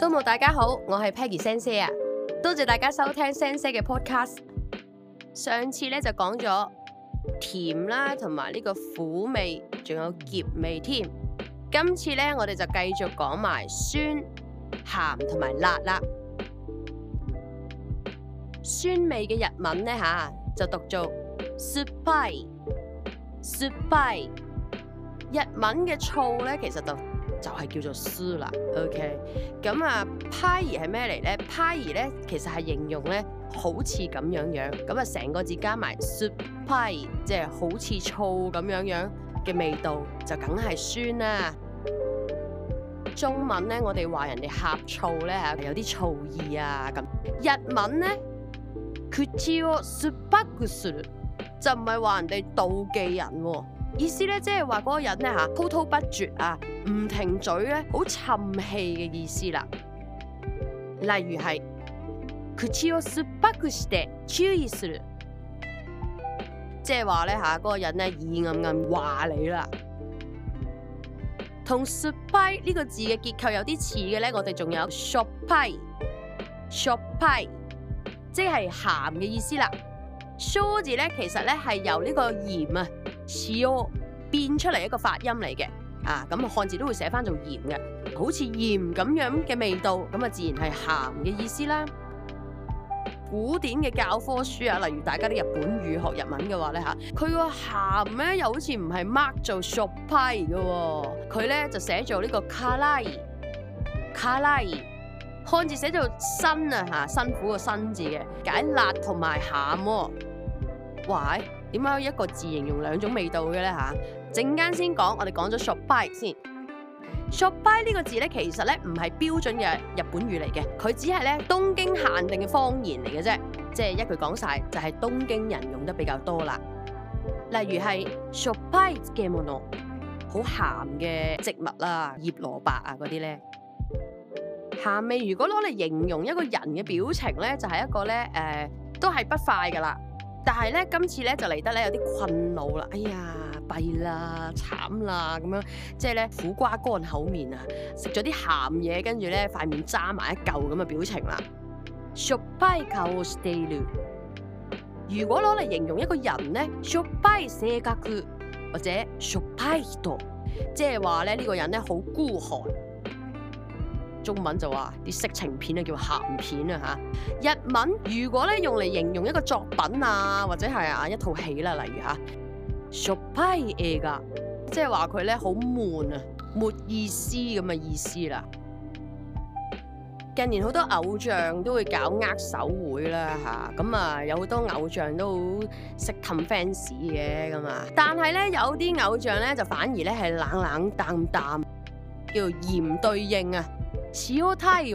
都摩大家好，我係 Peggy Sensei 啊！多謝大家收聽 Sensei 的 Podcast。上次咧就講咗甜啦，同埋呢個苦味，仲有澀味添。今次咧，我哋就繼續講埋酸、咸同埋辣啦。酸味嘅日文咧，吓就讀做。酸批，酸批，日文嘅醋咧，其實就就係、是、叫做酸啦。OK，咁啊，派係咩嚟咧？派咧其實係形容咧好似咁樣樣，咁啊成個字加埋酸批，即係好似醋咁樣樣嘅味道，就梗係酸啦。中文咧，我哋話人哋呷醋咧，係有啲醋意啊。咁日文咧，佢叫就唔係話人哋妒忌人，意思咧即係話嗰個人咧吓滔滔不絕啊，唔停嘴咧，好沉氣嘅意思啦。例如係，口之をす意す即係話咧吓嗰個人咧耳暗暗話你啦。同 spy 呢個字嘅結構有啲似嘅咧，我哋仲有 s h o p p i s h o p p i 即係鹹嘅意思啦。蘇字咧，其實咧係由呢個鹽啊 shio 變出嚟一個發音嚟嘅啊。咁漢字都會寫翻做鹽嘅，好似鹽咁樣嘅味道，咁啊自然係鹹嘅意思啦。古典嘅教科書啊，例如大家的日本語學日文嘅話咧嚇，佢個鹹咧又好似唔係 mark 做 shoppai 嘅，佢咧就寫做呢個 karai、karai 漢字寫做辛啊嚇辛苦個辛字嘅解辣同埋鹹喎、哦。喂，點解一個字形容兩種味道嘅咧嚇？陣間先講，我哋講咗 shoppai 先。shoppai 呢個字咧，其實咧唔係標準嘅日本語嚟嘅，佢只係咧東京限定嘅方言嚟嘅啫。即係一句講晒，就係東京人用得比較多啦。例如係 shoppai 嘅物，好鹹嘅漬物啦，醃蘿蔔啊嗰啲咧，鹹味。如果攞嚟形容一個人嘅表情咧，就係一個咧誒、呃，都係不快噶啦。但係咧，今次咧就嚟得咧有啲困惱啦，哎呀，弊啦，慘啦，咁樣即係咧苦瓜乾口面啊，食咗啲鹹嘢，跟住咧塊面揸埋一嚿咁嘅表情啦。塩っぱい顔している。如果攞嚟形容一個人咧，塩っぱい性格佢或者塩っぱい人，即係話咧呢、呢個人咧好孤寒。中文就話啲色情片啊，叫鹹片啊嚇。日文如果咧用嚟形容一個作品啊，或者係啊一套戲啦，例如嚇，熟批嘢噶，即係話佢咧好悶啊，冇意思咁嘅意思啦。近年好多偶像都會搞握手會啦嚇，咁啊有好多偶像都識氹 fans 嘅咁啊，但係咧有啲偶像咧就反而咧係冷冷淡淡，叫鹽對應啊。小 t 太 r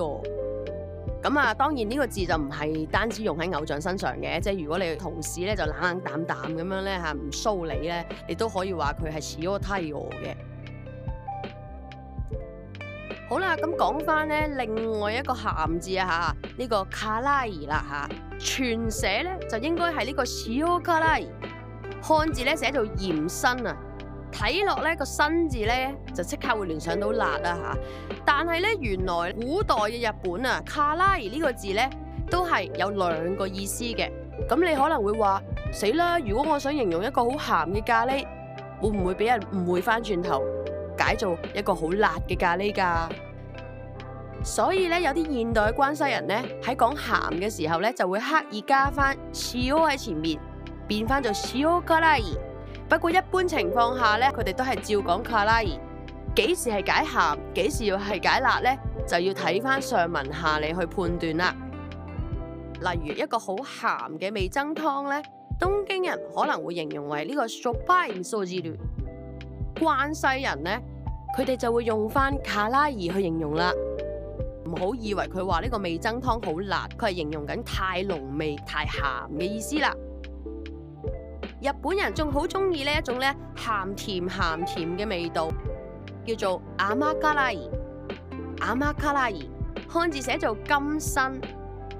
咁啊，當然呢個字就唔係單止用喺偶像身上嘅，即係如果你同事咧就冷冷淡淡咁樣咧，吓唔騷你咧，你都可以話佢係似一個 t 嘅。好啦，咁講翻咧，另外一個鹹字啊，吓、這個、呢個卡拉爾啦，吓全寫咧就應該係呢個小卡拉爾，漢字咧寫做鹽辛啊。睇落咧，個辛字咧，就即刻會聯想到辣啦吓。但係咧，原來古代嘅日本啊，卡拉爾呢個字咧，都係有兩個意思嘅。咁你可能會話：死啦！如果我想形容一個好鹹嘅咖喱，會唔會俾人誤會翻轉頭，解做一個好辣嘅咖喱噶？所以咧，有啲現代的關西人咧喺講鹹嘅時候咧，就會刻意加翻塩喺前面，變翻做塩卡拉爾。不過一般情況下呢，佢哋都係照講卡拉爾。幾時係解鹹？幾時要係解辣呢，就要睇返上文下理去判斷啦。例如一個好鹹嘅味噌湯呢，東京人可能會形容為呢、這個 shoppai，數字亂。關西人呢，佢哋就會用返卡拉爾去形容啦。唔好以為佢話呢個味噌湯好辣，佢係形容緊太濃味、太鹹嘅意思啦。日本人仲好中意呢一種咧，鹹甜鹹甜嘅味道，叫做阿媽卡拉兒，阿媽卡拉兒，漢字寫做甘辛。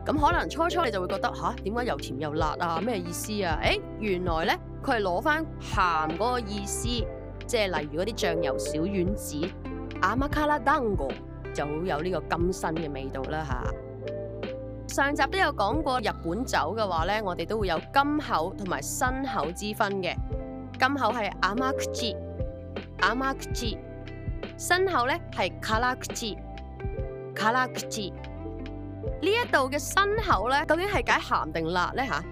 咁可能初初你就會覺得吓？點解又甜又辣啊，咩意思啊？誒，原來咧佢係攞翻鹹嗰個意思，即係例如嗰啲醬油小丸子，阿媽卡拉丹哥就好有呢個甘辛嘅味道啦嚇。啊上集都有講過日本酒嘅話咧，我哋都會有甘口同埋辛口之分嘅。甘口係阿馬克之，阿馬克之；辛口咧係卡拉克之，卡拉克之。呢一度嘅辛口咧，究竟係解鹹定辣咧吓？啊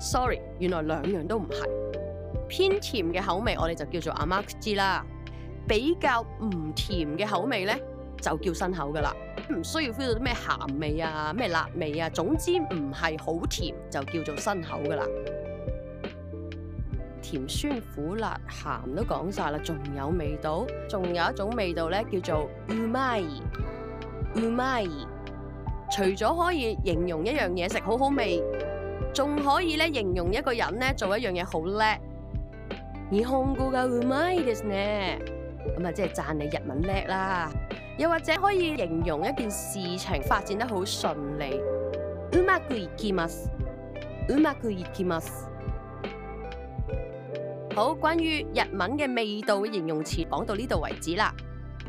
？Sorry，原來兩樣都唔係，偏甜嘅口味我哋就叫做阿馬克之啦。比較唔甜嘅口味咧。就叫新口噶啦，唔需要 feel 到啲咩鹹味啊，咩辣味啊，總之唔係好甜就叫做新口噶啦。甜酸苦辣鹹都講晒啦，仲有味道，仲有一種味道咧叫做 umai umai，除咗可以形容一樣嘢食好好味，仲可以咧形容一個人咧做一樣嘢好叻。日本語がうまいですね，咁啊即係讚你日文叻啦。又或者可以形容一件事情發展得好順利。好，關於日文嘅味道嘅形容詞講到呢度為止啦。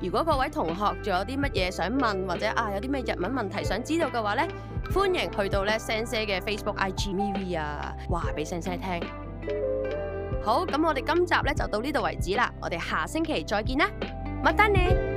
如果各位同學仲有啲乜嘢想問，或者啊有啲咩日文問題想知道嘅話咧，歡迎去到咧先生嘅 Facebook IG MV 啊，話俾先生聽。好，咁我哋今集咧就到呢度為止啦。我哋下星期再見啦，またね。